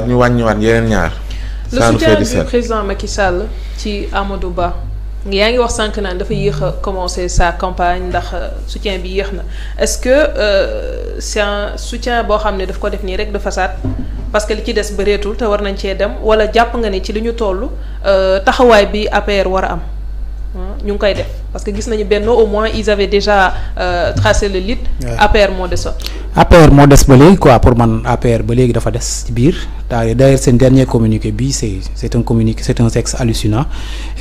waaye wàññi wàññiwaat yeneen ñaar. ça nous fait 17 président Macky Sall ci Amadou Ba. yaa ngi wax sànq naan dafa yéex a commencé sa campagne ndax euh, soutien bi yéex na est-ce que euh, c'est un soutien boo xam ne daf ko def nii rek de façade parce que li ci des bëreetul te war nañ cee dem walla jàpp nga ne ci li ñu toll euh, taxawaay bi APR war a am ñu ngi koy def. parce que gis nañu benn au moins ils avaient déjà euh, tracé le lead. APR moo desoon. APR moo des ba léegi quoi pour man APR ba léegi dafa des ci biir daa d'ailleurs seen dernier communiqué bi c'est un communiqué c'est un sexe hallucinant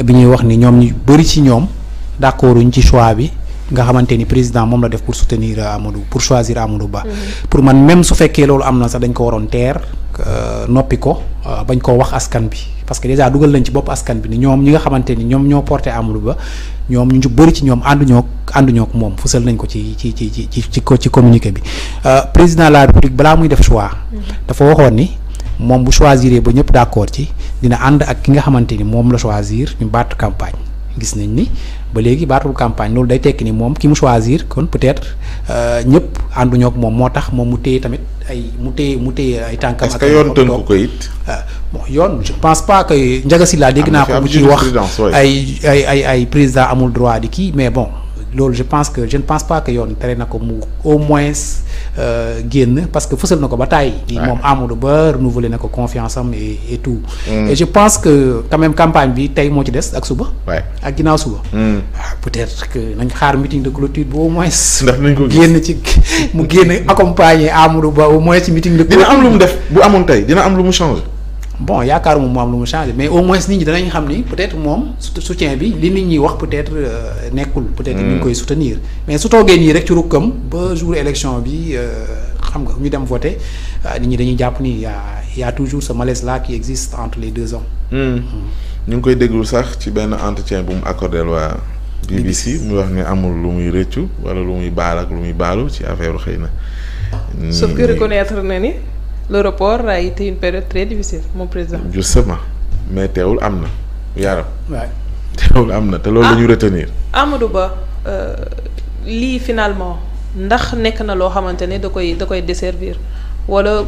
bi ñuy wax ni ñoom ñu bëri ci ñoom d'accorduñ ci choix bi. nga xamante ni président moom la def pour soutenir Amadou pour choisir Amadou Ba. Mm-hmm. pour man même su fekkee loolu am na sax dañ ko waroon teer euh, noppi ko. Euh, bañ koo wax askan bi parce que déjà dugal nañ ci bopp askan bi ni ñoom ñi nga xamante ni ñoom ñoo porté Amadou Ba ñoom ñu ci bëri ci ñoom ànduñoo ànduñoo ak moom fësal nañ ko ci ci ci ci ci ci communiqué bi euh, président de la République balaa muy def choix. Mhm. dafa waxoon ni moom bu choisiree ba ñëpp d'accord ci dina ànd ak ki nga xamante ni moom la choisir ñu baatu campagne. gis nañ ni ba léegi baatul campagne loolu day tekki ni moom ki mu choisir kon peut-être euh, ñëpp ànduñoo moom moo tax moom mu téye tamit ay mu téye mu téye ay tànkam. est yoon tënku ko it. Euh, bon yoon je pense pas que Ndiaga Sylla dégg naa ko mu ciy wax ay ay ay ay président amul droit di kii mais bon. loolu je pense que je ne pense pas que yoon tere na ko mu au moins euh, génn parce que fësal na ko ba tàyyi. waaw moom Amadou Ba renouveler na ko confiance am et et tout. Mm. et je pense que quand même campagne bi tey moo ci des ak suba. ak ginaaw suba. Mm. Ah, peut-être que nañ xaar meeting de clôture bi au moins. nañ ko génn ci mu génn accompagner Amadou Ba au moins ci meeting de. clôture dina am lu mu def bu amoon tey dina am lu mu changer. bon yaakaaruma mu am lu mu changé mais au moins nit ñi danañ xam ni peut-être moom soutien bi li nit ñi wax peut-être euh, nekkul. peut-être ñu ngi koy hmm. soutenir mais su toogee nii rek ci rukkam ba jour élection bi euh, xam nga ñu dem voter euh, nit ñi dañuy jàpp ni yaa y toujours ce malaise là qui existe entre les deux hommes. Hmm. Hmm. ñu ngi koy déglu sax ci benn entretien bu mu accordé waa. BBC muy wax ne amul lu muy rëccu wala lu muy baal ak lu muy baalu ci affaire xëy na. sauf que reconnaître na ni. le report a été une période très difficile mon président. justement mais teewul am na yaram. waay teewul am na te loolu la ñu ah, retenir. Amadou Ba euh, lii finalement ndax nekk na loo xamante ne da koy da koy desservir wala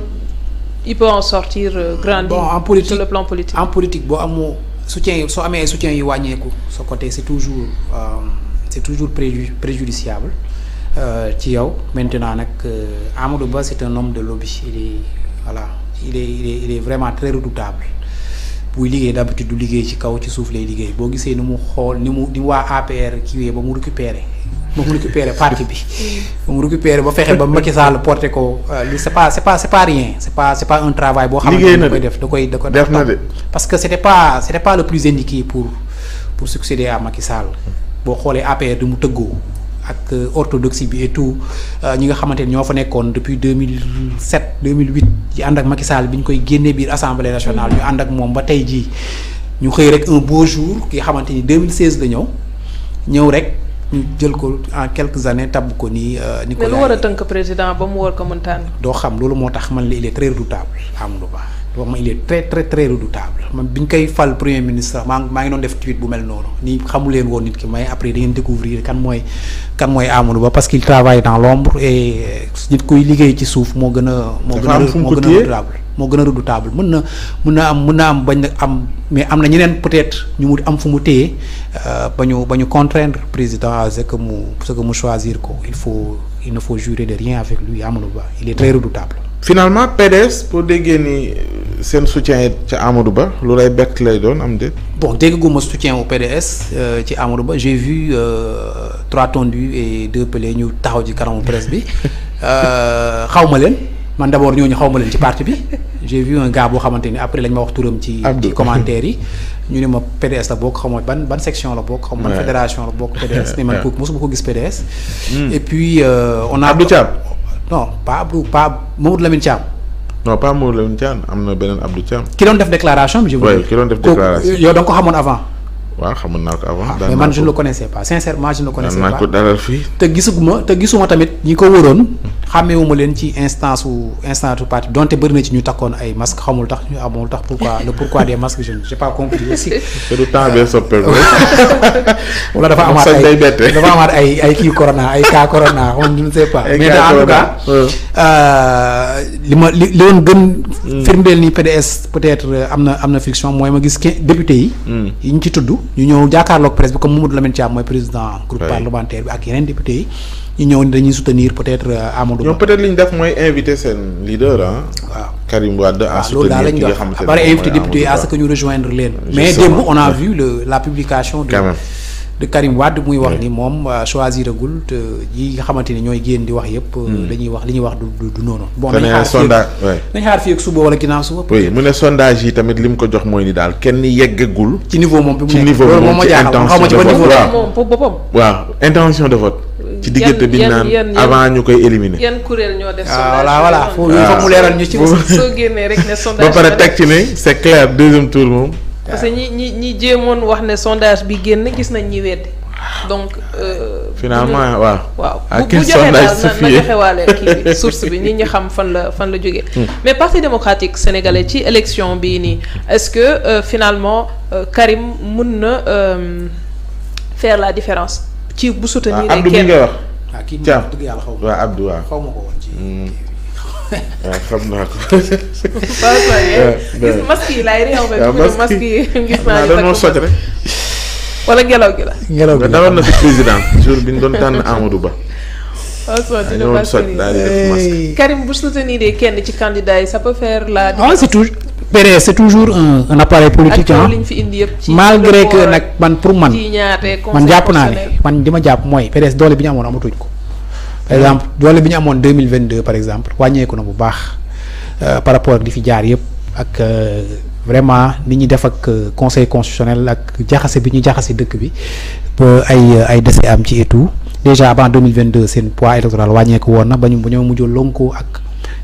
il peut en sortir euh, grandi. bon en politique le plan politique. en politique boo amoo soutien yi soo amee soutien yu wàññeeku sa côté c'est toujours euh, c'est toujours préju préjudiciable ci yow maintenant nag Amadou Ba c'est un homme de lobby il est voilà il est il est il est vraiment très redoutable buy liggéey d'habitude du liggéey ci kaw ci suuf lay liggéey boo gisee ni mu xool ni mu ni mu waa APR kiiwee ba mu récupéré ba mu récupéré parti bi ba mu récupéré ba fexe ba Macky Sall porté ko euh, li c'est pas c'est pas c'est rien c'est pas un travail boo xam ne da koy def da koy da koy def na de parce que c'était pas c'était pas le plus indiqué pour pour succéder à Macky boo xoolee APR di mu tëggoo ak euh, orthodoxie bi et tout euh, ñi nga xamante ni ñoo fa nekkoon depuis 2007 2008 ci ànd ak Macky Sall bi ñu koy génnee biir assemblée nationale ñu ànd ak moom ba tey jii ñu xëy rek un beau jour ki nga xamante ni 2016 la ñëw ñëw rek ñu jël ko en quelques années tabb ko nii. Euh, ni ko mais lu président ba mu war ko mën tànn. doo xam loolu moo tax man la il est très redoutable Amadou Ba. bi ñu koy fal premier ministre maa maa ngi doon def tweet bu mel noonu ni xamu woon nit ki may après da ngeen découvrir kan mooy kan mooy Amadou Ba gën moo gën a moo gën a redoutable moo gën a na mën na am mën na am bañ am mais am na ñeneen peut-être ñu mu am fu mu téye euh, ba ñu ba ñu contraindre président à mu ce mu choisir ko il faut il ne faut jurer de rien avec lui Amadou Ba il est très redoutable finalement PDS boo déggee ni seen soutien it ca Amadou Ba lu lay bett lay doon am déet. bon dégguma soutien au PDS euh, ci Amadou Ba j'ai vu euh, trois tondus et deux pelés ñu taxaw ci kanamu presse bi euh, xaw ma leen man d'abord ñooñu xaw ma leen ci parti bi j'ai vu un gars boo xamante ni après lañ ma wax turam ci ci commentaire yi ñu ne ma PDS la bokk xam ban ban section la bokk xam ban fédération la bokk PDS mais man ko mosuma ko gis PDS hmm. et puis on a Abdou Thiam non pas Abdou pas Mamadou Lamine Thiam non pas Mamadou Lamine Thiam am na beneen Abdou Thiam. ki doon def déclaration bi je vous. oui ki def déclaration yow da nga ko xamoon avant. waaw xamoon naa ko avant. Ah, mais man je ne le connaissais pas sincèrement je ne le connaissais pas. te gisuguma te gisuma tamit ñi ko wëroon. xàmmeewuma leen ci instance su instance su parti donte bëri na ci ñu takkoon ay masques xamul tax ñu amul tax pourquoi le pourquoi des masques je n'ai pas compris aussi. te du temps bee wala dafa amaat ay dafa amaat ay ay kii corona ay cas corona on ne sait pas. mais euh, li ma li li woon gën. Hmm. firndeel ni PDS peut-être euh, am na am na fiction mooy ma gis député yi. Hmm. yi ñu ci tudd. ñu ñëw jàkkaarloog presse bi comme Mamadou Lamine Thiam mooy président groupe parlementaire bi ak yeneen député yi ñu ñëw dañuy soutenir peut-être euh, Amadou Ba. ñoom peut-être li def mooy invité seen leader ah. waaw Karim Wade à loolu daal la ñu doon wax invité député à ce que ñu rejoindre leen. mais démb on a vu la publication de. de Karim Wade muy wax ni moom euh, choisir agul te yi nga ni ñooy génn di wax yëpp. Euh, hmm. dañuy wax li ñuy wax du du noonu. bon nañ xaar sondage ak suba wala ginnaaw suba. mu ne sondage yi tamit li mu ko jox mooy ni daal kenn yeggagul. ci niveau moom bi mu nekk loolu moom moo jaaxal xaw ma ci ba niveau waaw waaw intention de vote. ci diggante bi naan avant ñu koy éliminer. yan kuréel ñoo def sondage ah, voilà voilà soo génnee rek ne sondage ba pare teg ci ne c'est clair deuxième tour moom. parce que ñi ñi ñi jéemoon wax ne sondage bi génn gis nañ ñi weddi donc. Euh, finalement waaw. waaw bu bu joxe daal na joxe waale kii source bi nit ñi xam fan la fan la jógee. Hmm. mais parti démocratique sénégalais ci élection bi nii est-ce que euh, finalement euh, Karim mun na euh, faire la différence. ci bu soutenir. kenn ah, Abdou mi nga waaw ah, yàlla xaw xaw ma ko waaw xam naa ko. waaw gis masque yi laay réew masque yi gis naa dañoo soj rek. wala ngelaw gi la. ngelaw gi la dawal na fi président jour bi ñu doon tànn Amadou Ba. dañoo soj daal di def masque. Karim bu soutenir kenn ci candidat yi ça peut faire la. ah c'est toujours PDS c'est toujours un un appareil politique ah malgré que nag man pour man man jàpp naa ne man li ma jàpp mooy PDS doole bi ñu amoon amatuñ ko. par exemple doole bi ñu amoon deux mille vingt deux par exemple wàññeeku na bu baax euh, par rapport ak li fi jaar yëpp ak euh, vraiment ni ñuy def ak euh, conseil constitutionnel ak jaxase bi ñu jaxase dëkk bi ba ay ay décès am ci et tout déjà avant deux mille vingt deux seen poids électoral wàññeeku woon na ba ñu bu ñoo mujjoo lonko ak.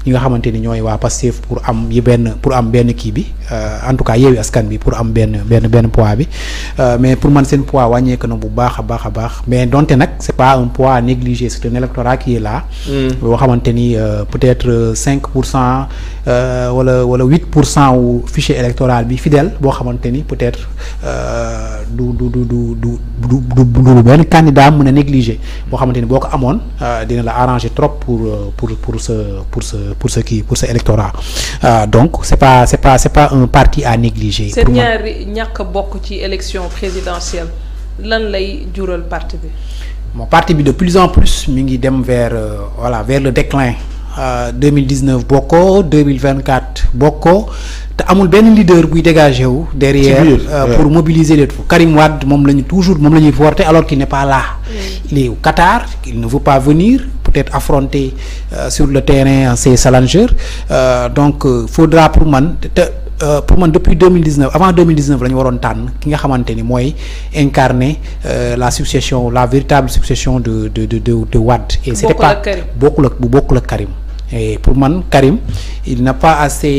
ñi nga xamante ni ñooy waa Pastef pour am yi benn pour am benn kii bi euh, en tout cas yeewi askan bi pour am benn benn benn poids bi euh, mais pour man seen pois wàññeeku na bu baax a baax a baax mais donte nag c'est pas un pois à négliger c'est un électorat qui boo mm. xamante ni euh, peut-être cinq pour cent wala wala huit pour cent wu fichier électoral bi fidèle boo xamante ni peut-être du du du du du du du benn candidat mën a négliger boo xamante ni boo ko amoon dina la arranger trop pour pour pour sa pour sa. pour ce qui pour ce électorat euh, donc c'est pas c'est pas c'est un parti à négliger. seen ñaari ñàkk bokk ci élection présidentielle lan lay jural parti bi. bon parti bi de plus en plus mi ngi dem vers euh, voilà vers le déclin. 2019 euh, bokkoo 2024 bokkoo te amul benn leader buy dégagé wu. derrière pour mobiliser le troupes Karim Wade moom la ñu toujours moom la ñuy porté alors qu'il n'est pas là. Mm. il est au Qatar il ne veut pas venir. peut-être euh, sur le terrain ces challengers euh, donc euh, faudra pour man te pour man depuis 2019 avant 2019 la ñu waroon tànn ki nga xamante ni mooy incarner la succession la véritable succession de de de de Wade et c'était pas bokkul ak bu bokkul ak Karim Et pour man Karim il n'a pas assez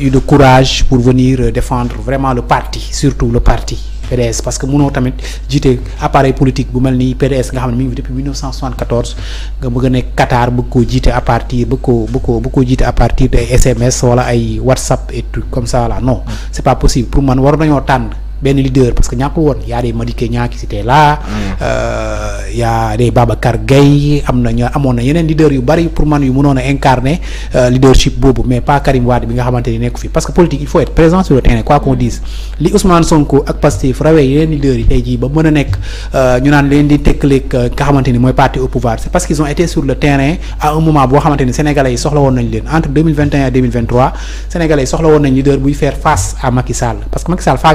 eu de courage pour venir défendre vraiment le parti surtout le parti PDS parce que mënoo tamit jiite appareil politique bu mel ni PDS nga xam ne mi ngi fi depuis nga bëgg a Qatar bëgg koo jiite à partir bëgg koo bëgg koo bëgg koo jiite à partir des SMS wala ay WhatsApp et comme ça là non mm. c'est pas possible pour man war nañoo tànn. benn leader parce que ñàkkul woon y a des Madické Niang qui étaient là. Euh, y a des Babacar am na ñoo amoon na yeneen a incarner euh, leadership ni nekku fi parce que politique il faut être présent sur le terrain quoi qu'on dise li Ousmane Sonko ak Pastef rawee yeneen leader yi tey jii ba mën a nekk euh, ñu naan leen di tekkaleeg nga xamante ni mooy parti au pouvoir c'est parce qu'ils ont été sur le terrain à un moment boo xamante ni yi soxla woon nañ leen entre 2021 yi soxla woon